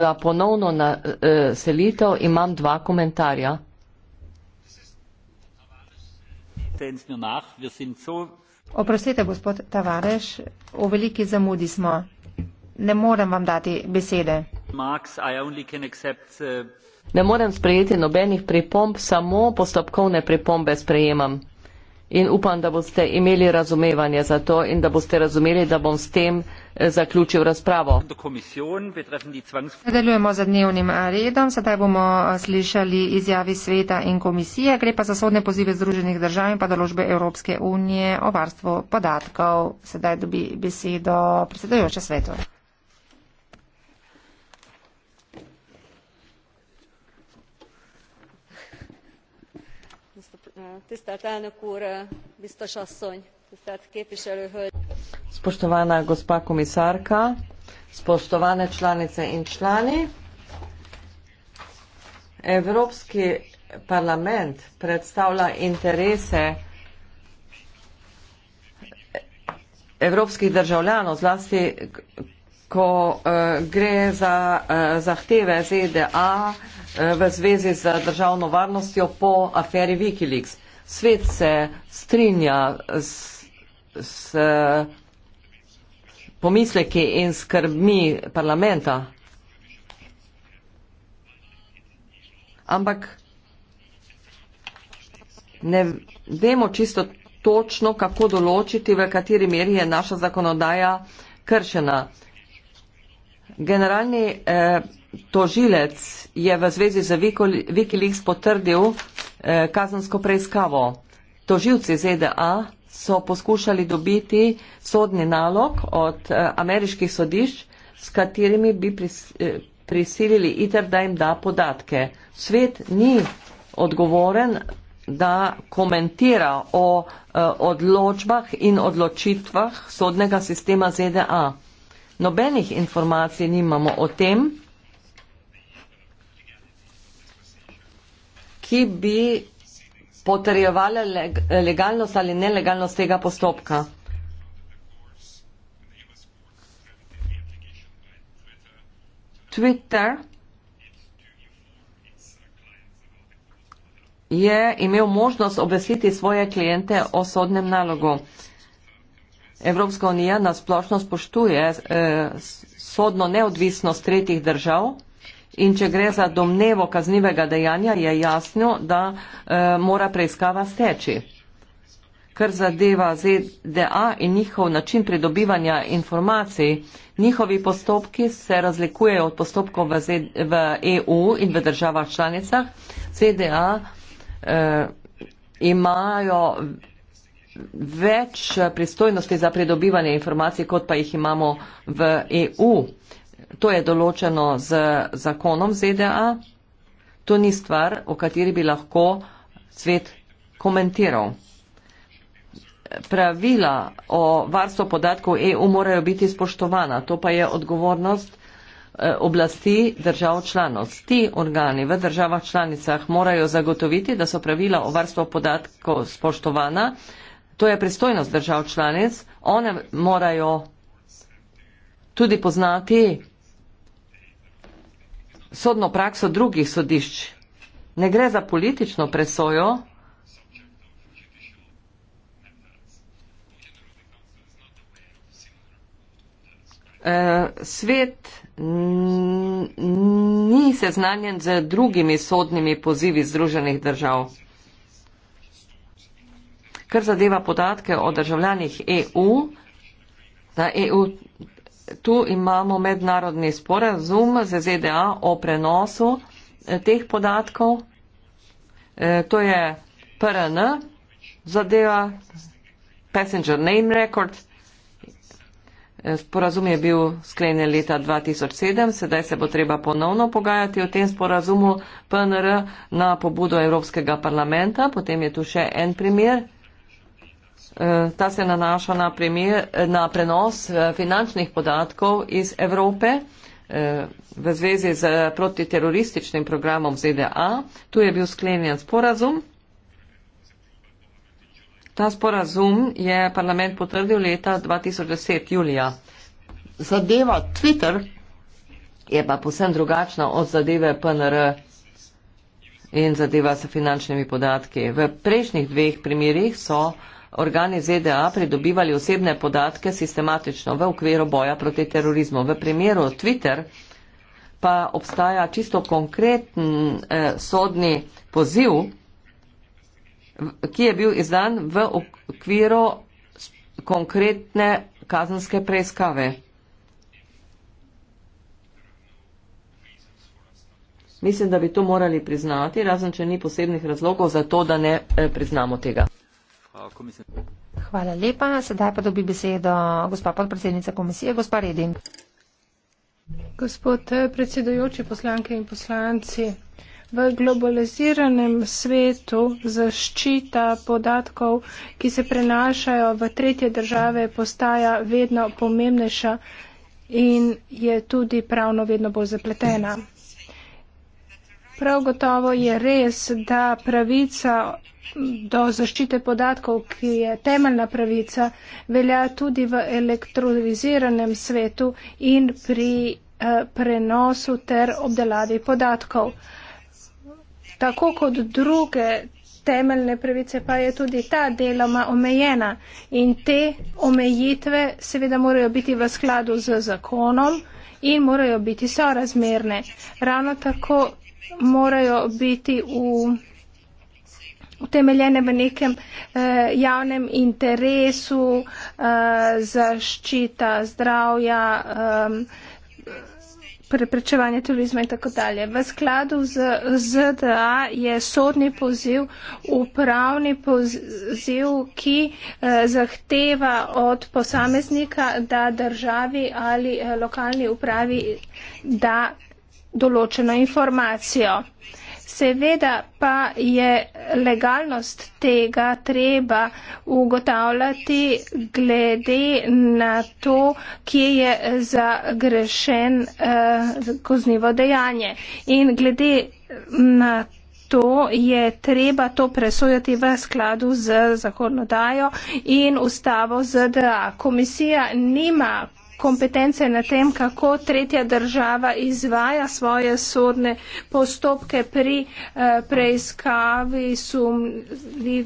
za ponovno na, uh, selitev imam dva komentarja. Oprostite, gospod Tavares, v veliki zamudi smo. Ne morem vam dati besede. Max, accept, uh... Ne morem sprejeti nobenih pripomb, samo postopkovne pripombe sprejemam in upam, da boste imeli razumevanje za to in da boste razumeli, da bom s tem eh, zaključil razpravo. Nadaljujemo za dnevnim eh, redom. Sedaj bomo eh, slišali izjavi sveta in komisije. Gre pa za sodne pozive Združenih držav in pa določbe Evropske unije o varstvu podatkov. Sedaj dobi besedo predsedojoča svetu. tisztelt elnök úr, biztos asszony, tisztelt képviselő hölgy. Spoštovana gospa komisarka, spoštovane članice in člani, Evropski parlament predstavlja interese evropskih državljanov, zlasti ko uh, gre za uh, zahteve ZDA uh, v zvezi z državno varnostjo po aferi Wikileaks. Svet se strinja s, s pomisleki in skrbmi parlamenta. Ampak ne vemo čisto točno, kako določiti, v kateri meri je naša zakonodaja kršena. Generalni eh, tožilec je v zvezi z Wikileaks potrdil eh, kazansko preiskavo. Toživci ZDA so poskušali dobiti sodni nalog od eh, ameriških sodišč, s katerimi bi pris, eh, prisilili ITER, da jim da podatke. Svet ni odgovoren, da komentira o eh, odločbah in odločitvah sodnega sistema ZDA. Nobenih informacij nimamo o tem, ki bi potrjevala legalnost ali nelegalnost tega postopka. Twitter je imel možnost obvestiti svoje klijente o sodnem nalogu. Evropska unija nasplošno spoštuje eh, sodno neodvisnost tretjih držav. In če gre za domnevo kaznivega dejanja, je jasno, da e, mora preiskava steči. Kar zadeva ZDA in njihov način pridobivanja informacij, njihovi postopki se razlikujejo od postopkov v, Z, v EU in v državah članicah. ZDA e, eh, imajo več pristojnosti za pridobivanje informacij, kot pa jih imamo v EU to je določeno z zakonom ZDA, to ni stvar, o kateri bi lahko svet komentiral. Pravila o varstvu podatkov EU morajo biti spoštovana, to pa je odgovornost eh, oblasti držav članov. Ti organi v državah članicah morajo zagotoviti, da so pravila o varstvu podatkov spoštovana. To je pristojnost držav članic. One morajo tudi poznati sodno prakso drugih sodišč. Ne gre za politično presojo. Eh, svet ni seznanjen z drugimi sodnimi pozivi Združenih držav. Kar zadeva podatke o državljanih EU, na EU tu imamo mednarodni sporazum z ZDA o prenosu eh, teh podatkov. Eh, to je PRN zadeva, Passenger Name Record. Eh, sporazum je bil sklenjen leta 2007, sedaj se bo treba ponovno pogajati o tem sporazumu PNR na pobudo Evropskega parlamenta. Potem je tu še en primer, Eh, ta se nanaša na, primer, eh, na prenos eh, finančnih podatkov iz Evrope v zvezi z protiterorističnim programom ZDA. Tu je bil sklenjen sporazum. Ta sporazum je parlament potrdil leta 2010 julija. Zadeva Twitter je pa posem drugačna od zadeve PNR in zadeva s finančnimi podatki. V prejšnjih dveh primerjih so uh, organi ZDA pridobivali osebne podatke sistematično v okviru boja proti terorizmu. V primeru Twitter pa obstaja čisto konkreten eh, sodni poziv, ki je bil izdan v okviru konkretne kazenske preiskave. Mislim, da bi to morali priznati, razen če ni posebnih razlogov za to, da ne eh, priznamo tega. Hvala lepa. Sedaj pa dobi besedo gospa podpredsednica komisije, gospa Redin. Gospod eh, predsedujoči, poslanke in poslanci, v globaliziranem svetu zaščita podatkov, ki se prenašajo v tretje države, postaja vedno pomembnejša in je tudi pravno vedno bolj zapletena. Prav gotovo je res, da pravica do zaščite podatkov, ki je temeljna pravica, velja tudi v elektroniziranem svetu in pri eh, prenosu ter obdelavi podatkov. Tako kot druge temeljne pravice pa je tudi ta deloma omejena in te omejitve seveda morajo biti v skladu z zakonom in morajo biti sorazmerne. Ravno tako morajo biti v, utemeljene v nekem eh, javnem interesu, eh, zaščita zdravja, eh, preprečevanje turizma in tako dalje. V skladu z ZDA je sodni poziv upravni poziv, ki eh, zahteva od posameznika, da državi ali eh, lokalni upravi da določeno informacijo. Seveda pa je legalnost tega treba ugotavljati glede na to, kje je zagrešen eh, koznivo dejanje. In glede na to je treba to presojati v skladu z zakonodajo in ustavo ZDA. Komisija nima kompetence na tem, kako tretja država izvaja svoje sodne postopke pri eh, preiskavi mm,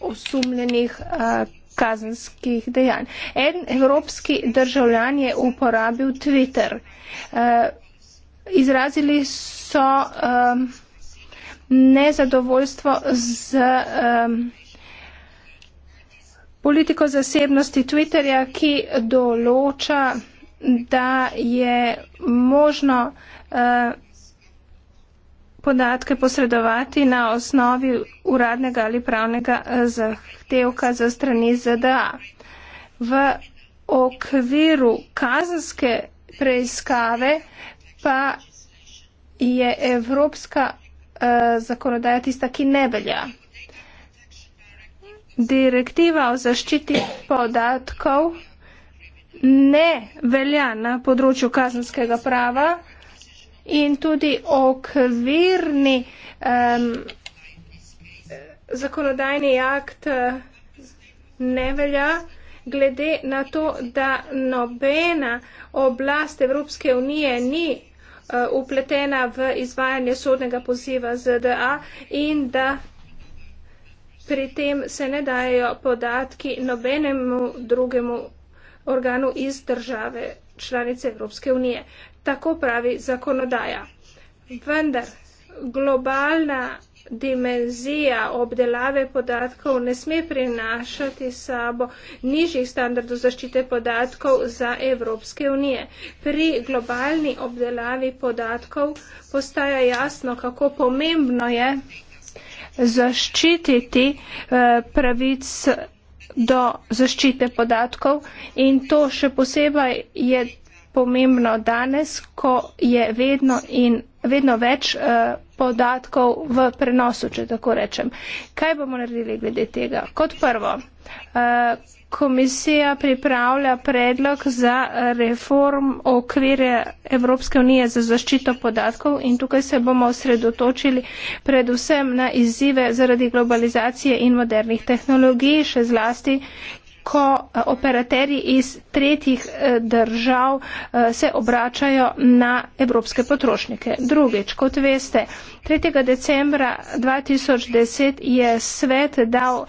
osumljenih eh, kazenskih dejanj. En evropski državljan je uporabil Twitter. Eh, izrazili so nezadovoljstvo z politiko zasebnosti Twitterja, ki določa, da je možno eh, podatke posredovati na osnovi uradnega ali pravnega eh, zahtevka za strani ZDA. V okviru kazenske preiskave pa je evropska uh, zakonodaja tista, ki ne velja. Direktiva o zaščiti podatkov ne velja na področju kazanskega prava in tudi okvirni um, zakonodajni akt eh, ne velja glede na to, da nobena oblast Evropske unije ni upletena eh, v izvajanje sodnega poziva ZDA in da Pri tem se ne dajo podatki nobenemu drugemu organu iz države članice Evropske unije. Tako pravi zakonodaja. Vendar globalna dimenzija obdelave podatkov ne sme prinašati sabo nižjih standardov zaščite podatkov za Evropske unije. Pri globalni obdelavi podatkov postaja jasno, kako pomembno je, zaščititi eh, pravic do zaščite podatkov in to še posebej je pomembno danes, ko je vedno in vedno več eh, podatkov v prenosu, če tako rečem. Kaj bomo naredili glede tega? Kot prvo, eh, komisija pripravlja predlog za reform okvire Evropske unije za zaščito podatkov in tukaj se bomo osredotočili predvsem na izzive zaradi globalizacije in modernih tehnologij, še zlasti ko eh, operaterji iz tretjih eh, držav eh, se obračajo na evropske potrošnike. Drugič, kot veste, 3. decembra 2010 je svet dal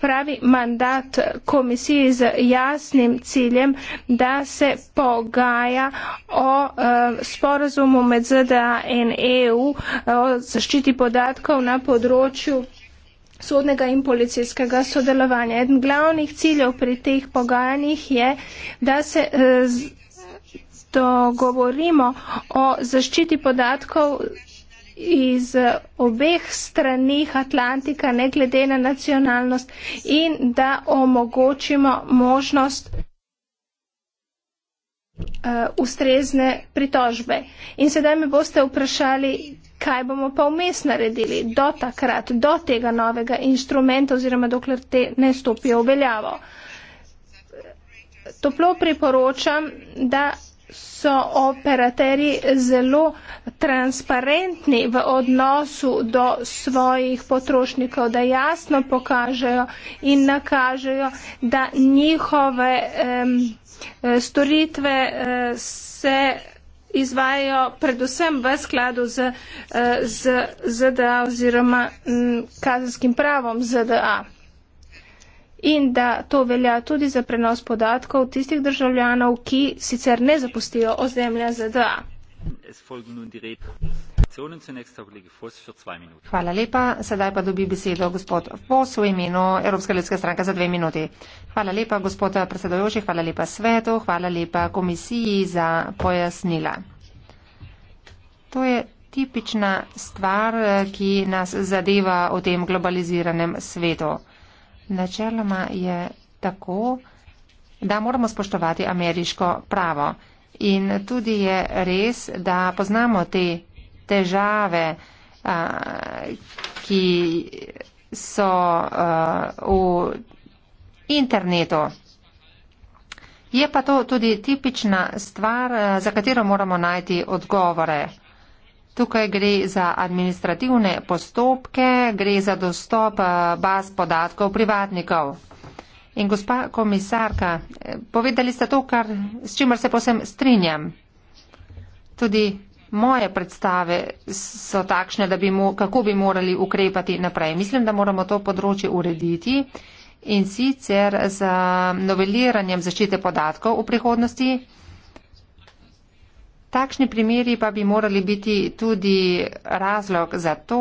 pravi mandat komisiji z jasnim ciljem, da se pogaja o eh, sporazumu med ZDA in EU eh, o zaščiti podatkov na področju sodnega in policijskega sodelovanja. Eden glavnih ciljev pri teh pogajanjih je, da se eh, dogovorimo o zaščiti podatkov iz obeh strani Atlantika, ne glede na nacionalnost, in da omogočimo možnost uh, ustrezne pritožbe. In sedaj me boste vprašali, kaj bomo pa vmes naredili do takrat, do tega novega inštrumenta oziroma dokler te ne stopijo v veljavo. Toplo priporočam, da so operaterji zelo transparentni v odnosu do svojih potrošnikov, da jasno pokažejo in nakažejo, da njihove um, storitve eh, se izvajajo predvsem v skladu z, eh, z ZDA oziroma mm, kazenskim pravom ZDA in da to velja tudi za prenos podatkov tistih državljanov, ki sicer ne zapustijo ozemlja ZDA. Hvala lepa. Sedaj pa dobi besedo gospod Fos v imenu Evropske ljudske stranke za dve minuti. Hvala lepa, gospod predsedojoči, hvala lepa svetu, hvala lepa komisiji za pojasnila. To je tipična stvar, ki nas zadeva v tem globaliziranem svetu. Načeloma je tako, da moramo spoštovati ameriško pravo. In tudi je res, da poznamo te težave, a, ki so a, v internetu. Je pa to tudi tipična stvar, za katero moramo najti odgovore. Tukaj gre za administrativne postopke, gre za dostop eh, baz podatkov privatnikov. In gospa komisarka, eh, povedali ste to, kar, s čimer se posem strinjam. Tudi moje predstave so takšne, da bi mo, kako bi morali ukrepati naprej. Mislim, da moramo to področje urediti in sicer z noveliranjem zaščite podatkov v prihodnosti. Takšni primeri pa bi morali biti tudi razlog za to,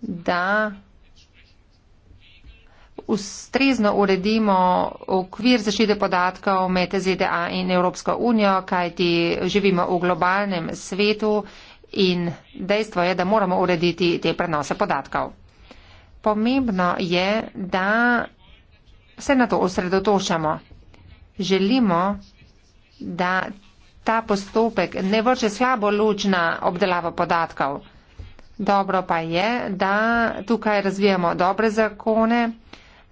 da ustrezno uredimo okvir zaščite podatkov med ZDA in Evropsko unijo, kajti živimo v globalnem svetu in dejstvo je, da moramo urediti te prenose podatkov. Pomembno je, da se na to osredotočamo. Želimo, da ta postopek ne vrže slabo luč na obdelavo podatkov. Dobro pa je, da tukaj razvijamo dobre zakone,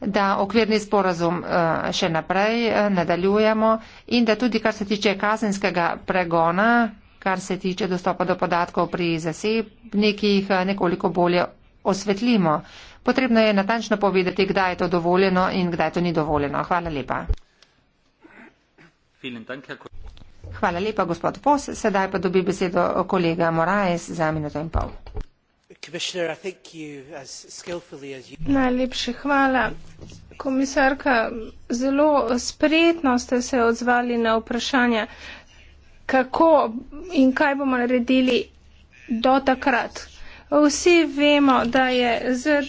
da okvirni sporazum eh, še naprej eh, nadaljujemo in da tudi kar se tiče kazenskega pregona, kar se tiče dostopa do podatkov pri zasebnikih, eh, nekoliko bolje osvetlimo. Potrebno je natančno povedati, kdaj je to dovoljeno in kdaj to ni dovoljeno. Hvala lepa. Hvala lepa, gospod Pos. Sedaj pa dobi besedo kolega Moraes za minuto in pol. Najlepše hvala. Komisarka, zelo spretno ste se odzvali na vprašanje, kako in kaj bomo naredili do takrat. Vsi vemo, da, je,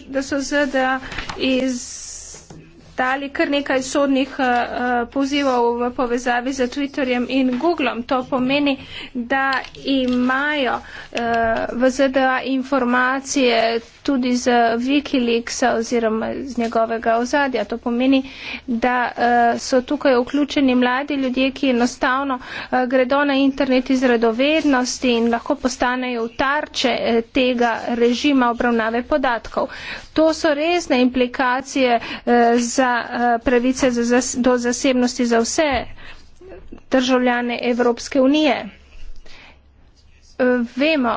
da so ZDA iz dali kar nekaj sodnih eh, eh, pozivov v povezavi z Twitterjem in Googlom. To pomeni, da imajo eh, v ZDA informacije tudi z Wikileaksa oziroma z njegovega ozadja. To pomeni, da so tukaj vključeni mladi ljudje, ki enostavno gredo na internet iz radovednosti in lahko postanejo tarče tega režima obravnave podatkov to so resne implikacije eh, za eh, pravice do zasebnosti za vse državljane Evropske unije. Eh, vemo,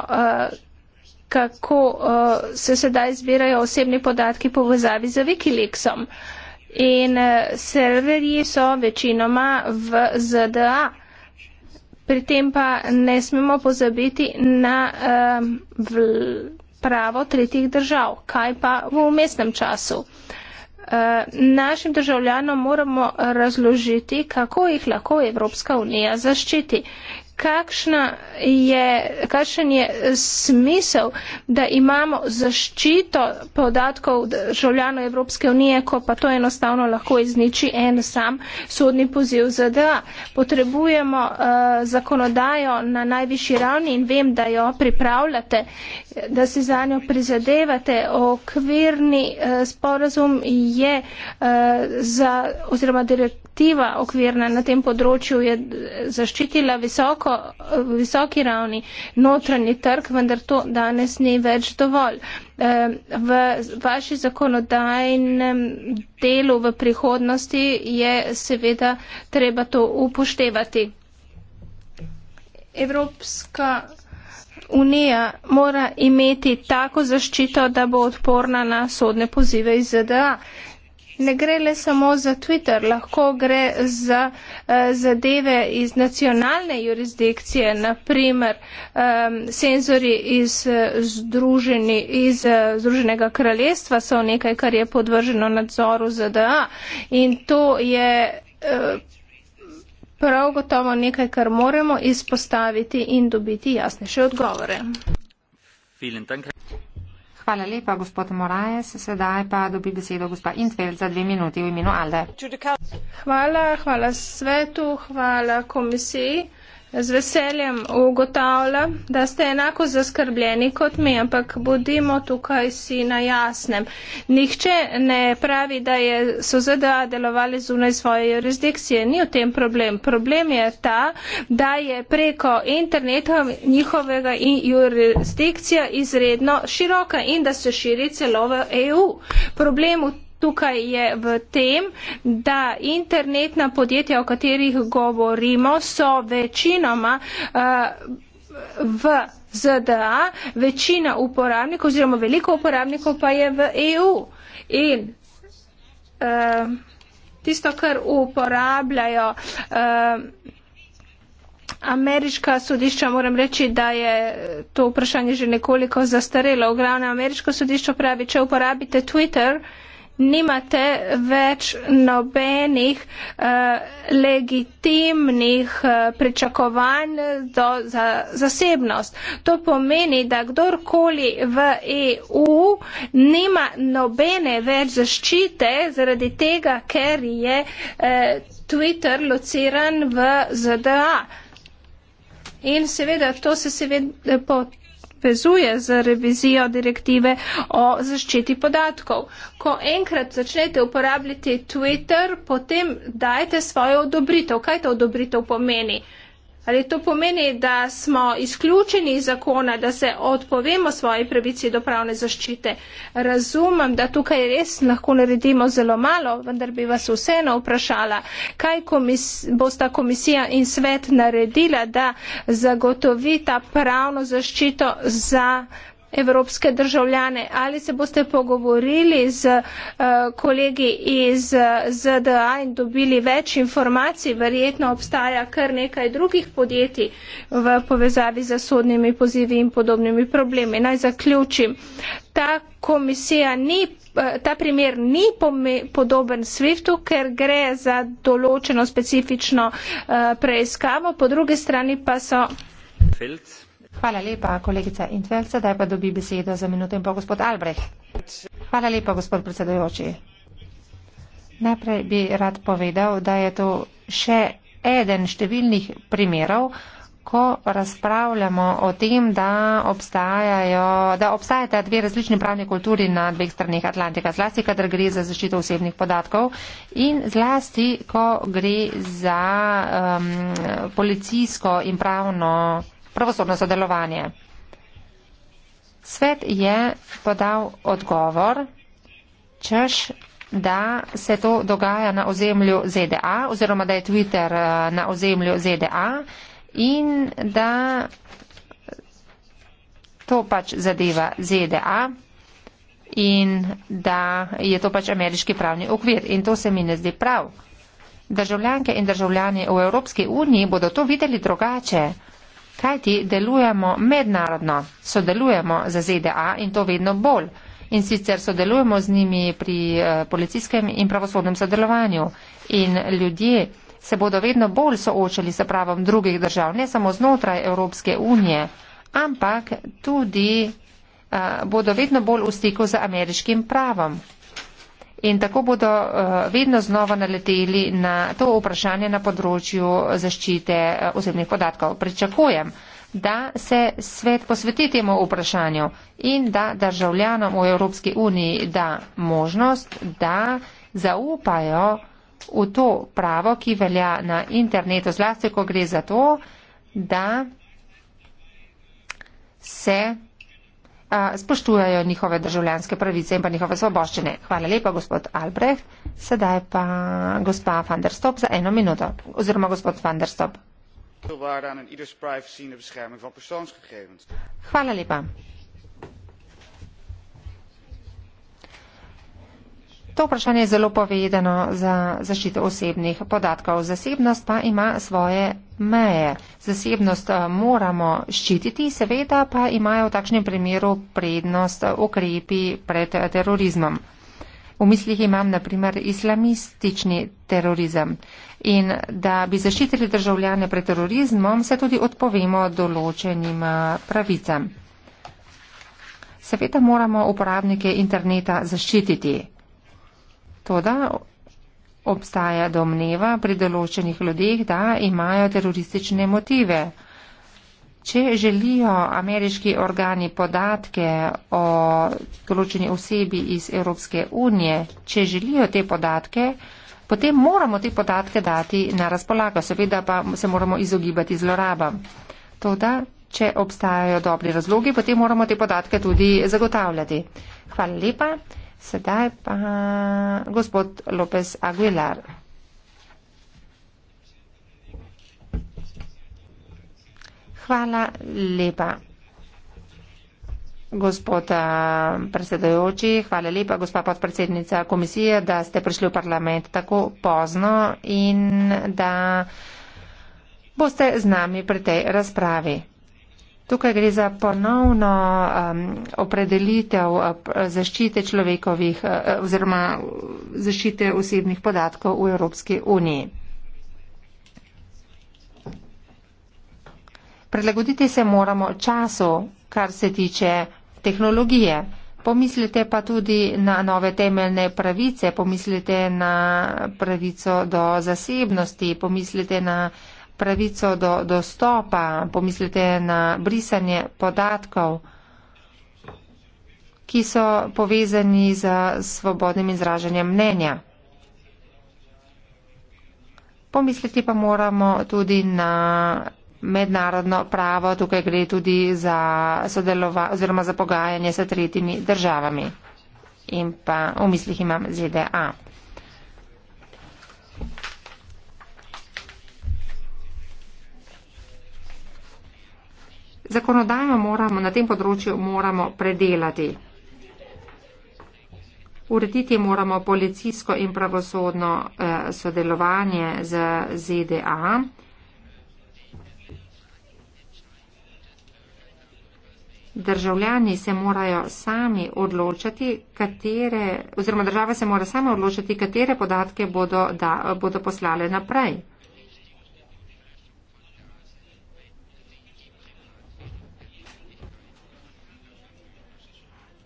kako se sedaj zbirajo osebni podatki povezavi z Wikileaksom in serverji so večinoma v ZDA. Pri tem pa ne smemo pozabiti na pravo tretjih držav. Kaj pa v umestnem času? Eh, našim državljanom moramo razložiti, kako jih lahko Evropska unija zaščiti. Je, kakšen je smisel, da imamo zaščito podatkov državljanov Evropske unije, ko pa to enostavno lahko izniči en sam sodni poziv ZDA. Potrebujemo uh, zakonodajo na najvišji ravni in vem, da jo pripravljate. Uh, da se za njo prizadevate. Okvirni eh, sporazum je eh, za, oziroma direktiva okvirna na tem področju je eh, zaščitila visoko, eh, visoki ravni notranji trg, vendar to danes ni več dovolj. Eh, v vaši zakonodajnem delu v prihodnosti je seveda treba to upoštevati. Evropska unija mora imeti tako zaščito, da bo odporna na sodne pozive iz ZDA. Ne gre le samo za Twitter, lahko gre za uh, zadeve iz nacionalne jurisdikcije, naprimer um, ehm, senzori iz, eh, združeni, iz uh, Združenega kraljestva so nekaj, kar je podvrženo nadzoru ZDA in to je. Uh, prav gotovo nekaj, kar moramo izpostaviti in dobiti jasnejše odgovore. Hvala lepa, gospod Moraes. Sedaj pa dobi besedo gospa Intfeld za dve minuti v imenu Alde. Hvala, hvala svetu, hvala komisiji. Z veseljem ugotavljam, da ste enako zaskrbljeni kot mi, ampak bodimo tukaj si na jasnem. Nihče ne pravi, da je, so ZDA delovali zunaj svoje jurisdikcije. Ni v tem problem. Problem je ta, da je preko interneta njihovega in jurisdikcija izredno široka in da se širi celo v EU. Problem v tukaj je v tem, da internetna podjetja, o katerih govorimo, so večinoma uh, v ZDA, večina uporabnikov oziroma veliko uporabnikov pa je v EU. In uh, tisto, kar uporabljajo. Uh, Ameriška sodišča, moram reči, da je to vprašanje že nekoliko zastarelo. Glavno ameriško sodišče pravi, če uporabite Twitter, uh, nimate več nobenih uh, legitimnih uh, pričakovanj do, za zasebnost. To pomeni, da kdorkoli v EU nima nobene več zaščite zaradi tega, ker je uh, Twitter lociran v ZDA. In seveda, to se seveda potrebuje povezuje z revizijo direktive o zaščiti podatkov. Ko enkrat začnete uporabljati Twitter, potem dajte svojo odobritev. Kaj ta odobritev pomeni? Ali to pomeni, da smo izključeni iz zakona, da se odpovemo svoji pravici do pravne zaščite? Razumem, da tukaj res lahko naredimo zelo malo, vendar bi vas vseeno vprašala, kaj komis bosta komisija in svet naredila, da zagotovi ta pravno zaščito za evropske državljane. Ali se boste pogovorili z eh, kolegi iz ZDA in dobili več informacij? Verjetno obstaja kar nekaj drugih podjetij v povezavi z sodnimi pozivi in podobnimi problemi. Naj zaključim. Ta komisija ni, eh, ta primer ni podoben SWIFT-u, ker gre za določeno specifično eh, preiskavo, po drugi strani pa so. Felt. Hvala lepa, kolegica Intvel, sedaj pa dobi besedo za minuto in pol gospod Albreh. Hvala lepa, gospod predsedojoči. Najprej bi rad povedal, da je to še eden številnih primerov, ko razpravljamo o tem, da, da obstajata dve različni pravni kulturi na dveh stranih Atlantika, zlasti, kadar gre za zaščito osebnih podatkov in zlasti, ko gre za um, policijsko in pravno pravosodno sodelovanje. Svet je podal odgovor, češ, da se to dogaja na ozemlju ZDA oziroma da je Twitter eh, na ozemlju ZDA in da to pač zadeva ZDA in da je to pač ameriški pravni okvir in to se mi ne zdi prav. Državljanke in državljani v Evropski uniji bodo to videli drugače. Kajti delujemo mednarodno, sodelujemo za ZDA in to vedno bolj. In sicer sodelujemo z njimi pri eh, policijskem in pravosodnem sodelovanju. In ljudje se bodo vedno bolj soočali s pravom drugih držav, ne samo znotraj Evropske unije, ampak tudi uh, bodo vedno bolj v stiku z ameriškim pravom in tako bodo eh, vedno znova naleteli na to vprašanje na področju zaščite eh, osebnih podatkov. Pričakujem, da se svet posveti temu vprašanju in da državljanom v Evropski uniji da možnost, da zaupajo v to pravo, ki velja na internetu, zlasti ko gre za to, da se spoštujajo njihove državljanske pravice in pa njihove svoboščine. Hvala lepa, gospod Albrecht. Sedaj pa gospa van der Stop za eno minuto. Oziroma gospod van der Stop. Hvala lepa. To vprašanje je zelo povedano za zaščito osebnih podatkov. Zasebnost pa ima svoje meje. Zasebnost eh, moramo ščititi, seveda pa imajo v takšnem primeru prednost ukrepi pred eh, terorizmom. V mislih imam naprimer islamistični terorizem. In da bi zaščitili državljane pred terorizmom, se tudi odpovemo določenim eh, pravicam. Seveda moramo uporabnike interneta zaščititi. Toda obstaja domneva pri določenih ljudeh, da imajo teroristične motive. Če želijo ameriški organi podatke o določeni osebi iz Evropske unije, če želijo te podatke, potem moramo te podatke dati na razpolago. Seveda pa se moramo izogibati zlorabam. Toda, če obstajajo dobri razlogi, potem moramo te podatke tudi zagotavljati. Hvala lepa. Sedaj pa gospod Lopez Aguilar. Hvala lepa. Gospod eh, predsedojoči, hvala lepa, gospa podpredsednica komisije, da ste prišli v parlament tako pozno in da boste z nami pri tej razpravi. Tukaj gre za ponovno um, opredelitev uh, zaščite človekovih uh, uh, oziroma zaščite osebnih podatkov v Evropski uniji. Prilagoditi se moramo času, kar se tiče tehnologije. Pomislite pa tudi na nove temeljne pravice, pomislite na pravico do zasebnosti, pomislite na pravico do dostopa, pomislite na brisanje podatkov, ki so povezani z svobodnim izražanjem mnenja. Pomisliti pa moramo tudi na mednarodno pravo, tukaj gre tudi za sodelova oziroma za pogajanje s tretjimi državami. In pa v mislih imam ZDA. zakonodajo moramo, na tem področju moramo predelati. Urediti moramo policijsko in pravosodno eh, sodelovanje z ZDA. Državljani se morajo sami odločati, katere, oziroma država se mora sama odločati, katere podatke bodo, da, bodo poslale naprej.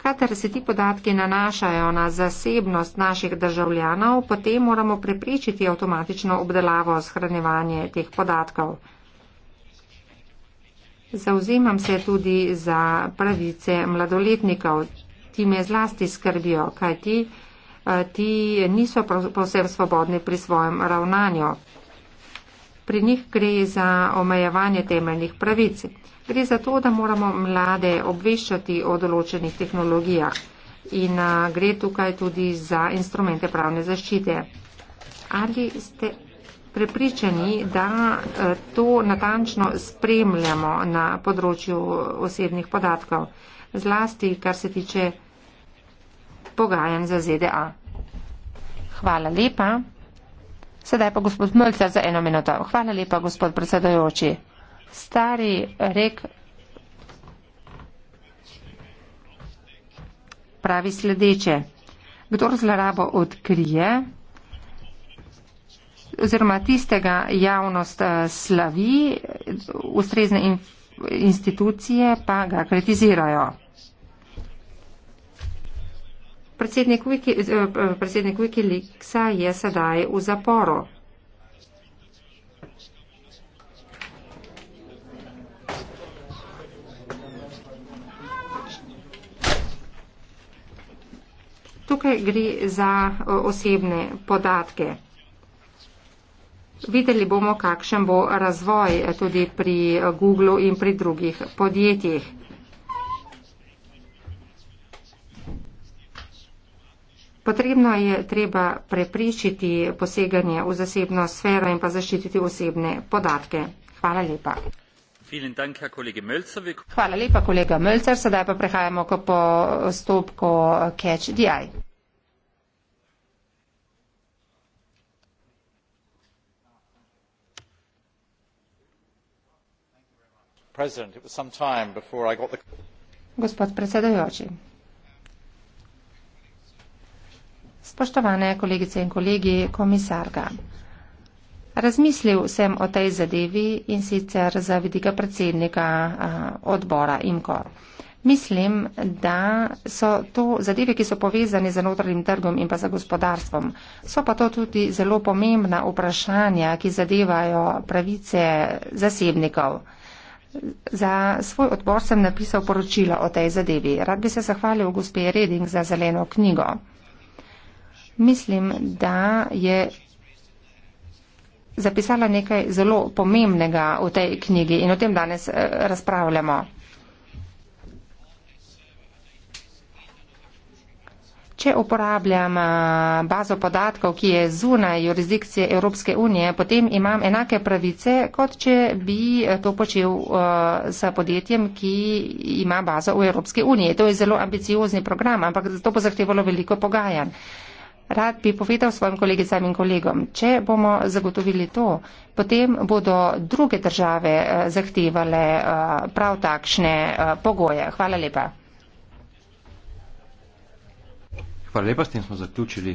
Kadar se ti podatki nanašajo na zasebnost naših državljanov, potem moramo preprečiti avtomatično obdelavo shranjevanje teh podatkov. Zauzemam se tudi za pravice mladoletnikov. Ti me zlasti skrbijo, kaj ti, eh, ti niso povsem svobodni pri svojem ravnanju. Pri njih gre za omejevanje temeljnih pravic. Gre za to, da moramo mlade obveščati o določenih tehnologijah in a, gre tukaj tudi za instrumente pravne zaščite. Ali ste prepričani, da a, e, to natančno spremljamo na področju osebnih podatkov, zlasti kar se tiče pogajanj za ZDA? Hvala lepa. Sedaj pa gospod Mölcer za eno minuto. Hvala lepa, gospod predsedojoči stari rek pravi sledeče. Kdor zlorabo odkrije, oziroma tistega javnost eh, slavi, ustrezne in, institucije pa ga kritizirajo. Predsednik, Wiki, eh, eh, predsednik Wikileaksa je sedaj v zaporu. Tukaj gre za e, osebne podatke. Videli bomo, kakšen bo razvoj e, tudi pri e, Google in pri drugih podjetjih. Potrebno je treba prepričiti poseganje v zasebno sfero in pa zaščititi osebne podatke. Hvala lepa. Hvala lepa, kolega Mölzer. Sedaj pa prehajamo k postopku uh, Catch the Eye. Gospod predsedujoči. Spoštovane kolegice in kolegi, komisarka. Razmislil sem o tej zadevi in sicer za vidika predsednika odbora IMKO. Mislim, da so to zadeve, ki so povezane z notranjim trgom in pa z gospodarstvom. So pa to tudi zelo pomembna vprašanja, ki zadevajo pravice zasebnikov. Za svoj odbor sem napisal poročilo o tej zadevi. Rad bi se zahvalil gospe Reding za zeleno knjigo. Mislim, da je zapisala nekaj zelo pomembnega v tej knjigi in o tem danes eh, razpravljamo. Če uporabljam eh, bazo podatkov, ki je zunaj jurisdikcije Evropske unije, potem imam enake pravice, kot če bi eh, to počel s podjetjem, ki ima bazo v Evropske unije. To je zelo ambiciozni program, ampak to bo zahtevalo veliko pogajanj. Rad bi povedal svojim kolegicam in kolegom, če bomo zagotovili to, potem bodo druge države eh, zahtevale eh, prav takšne eh, pogoje. Hvala lepa. Hvala lepa, s tem smo zaključili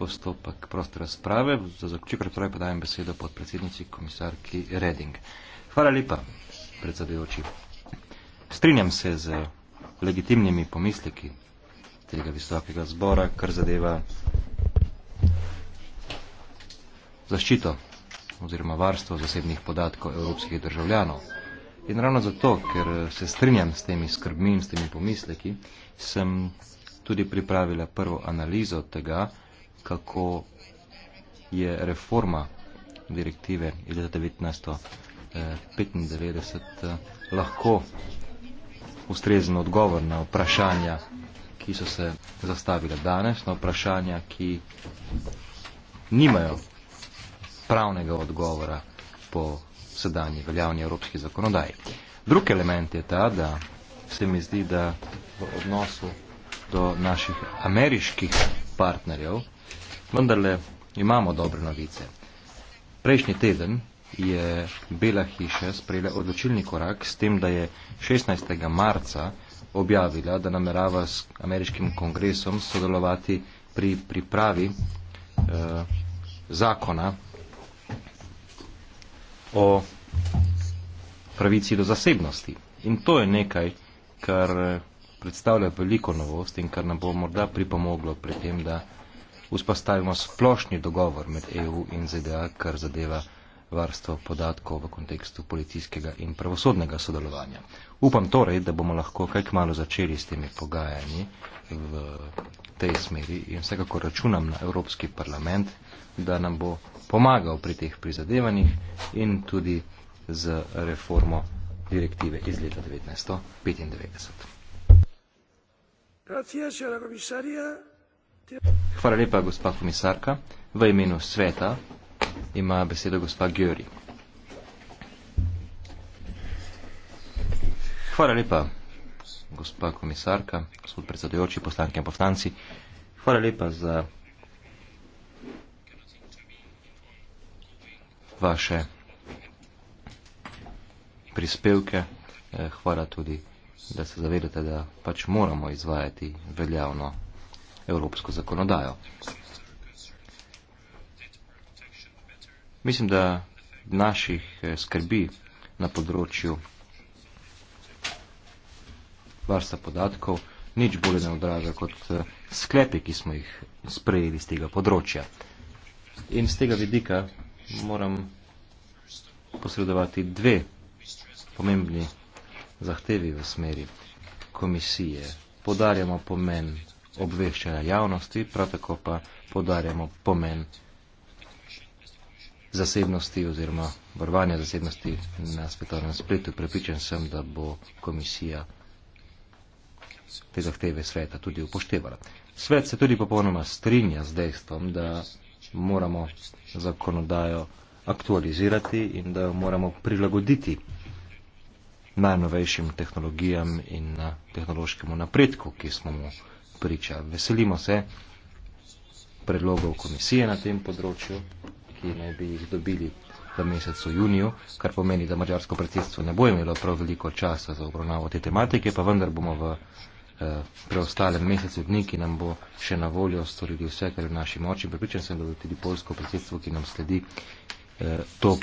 postopek proste razprave. Za zaključek razprave pa dajem besedo podpredsednici komisarki Reding. Hvala lepa, predsedujoči. Strinjam se z legitimnimi pomisleki tega visokega zbora, kar zadeva zaščito oziroma varstvo zasebnih podatkov evropskih državljanov. In ravno zato, ker eh, se strinjam s temi skrbmi in s temi pomisleki, sem tudi pripravila prvo analizo tega, kako je reforma direktive iz 1995 eh, eh, lahko ustrezen odgovor na vprašanja ki so se zastavile danes, na vprašanja, ki nimajo pravnega odgovora po sedanji veljavni evropski zakonodaji. Drugi element je ta, da se mi zdi, da v odnosu do naših ameriških partnerjev vendarle imamo dobre novice. Prejšnji teden je Bela hiša sprejela odločilni korak s tem, da je 16. marca objavila, da namerava s ameriškim kongresom sodelovati pri pripravi eh, zakona o pravici do zasebnosti. In to je nekaj, kar eh, predstavlja veliko novost in kar nam bo morda pripomoglo pri tem, da vzpostavimo splošni dogovor med EU in ZDA, kar zadeva varstvo podatkov v kontekstu policijskega in pravosodnega sodelovanja. Upam torej, da bomo lahko kaj kmalo začeli s temi pogajanji v tej smeri in vsekako računam na Evropski parlament, da nam bo pomagal pri teh prizadevanjih in tudi z reformo direktive iz leta 1995. Hvala lepa, gospa komisarka. V imenu sveta ima besedo gospa Gjöri. Hvala lepa, gospa komisarka, gospod predsedujoči, poslanke in poslanci. Hvala lepa za vaše prispevke. Eh, hvala tudi, da se zavedate, da pač moramo izvajati veljavno evropsko zakonodajo. Mislim, da naših eh, skrbi na področju varstva podatkov nič bolje ne odraža kot eh, sklepe, ki smo jih sprejeli z tega področja. In z tega vidika moram posredovati dve pomembni zahtevi v smeri komisije. Podarjamo pomen obveščanja javnosti, prav tako pa podarjamo pomen javnosti zasebnosti oziroma varovanja zasebnosti na svetovnem spletu. Prepričan sem, da bo komisija te zahteve sveta tudi upoštevala. Svet se tudi popolnoma strinja z dejstvom, da moramo zakonodajo aktualizirati in da jo moramo prilagoditi najnovejšim tehnologijam in tehnološkemu napredku, ki smo mu priča. Veselimo se predlogov komisije na tem področju ki naj bi jih dobili v mesecu juniju, kar pomeni, da mačarsko predsedstvo ne bo imelo prav veliko časa za obravnavo te tematike, pa vendar bomo v eh, preostalem mesecu dni, ki nam bo še na voljo storili vse, kar je v naši moči. Pripričan sem, da bo tudi polsko predsedstvo, ki nam sledi, eh, to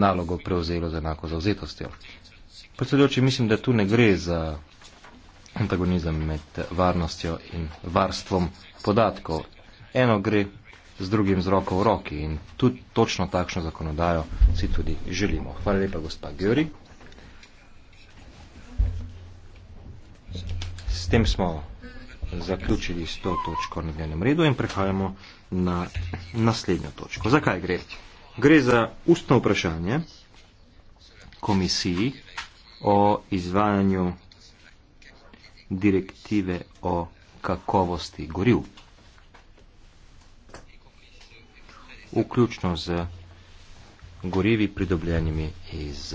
nalogo prevzelo z enako zauzetostjo. Predsedujoči, mislim, da tu ne gre za antagonizem med varnostjo in varstvom podatkov. Eno gre z drugim z roko v roki in tudi točno takšno zakonodajo si tudi želimo. Hvala lepa, gospa Gjori. S tem smo zaključili s to točko na dnevnem redu in prehajamo na naslednjo točko. Zakaj gre? Gre za ustno vprašanje komisiji o izvajanju direktive o kakovosti goriv. vključno z gorivi pridobljenimi iz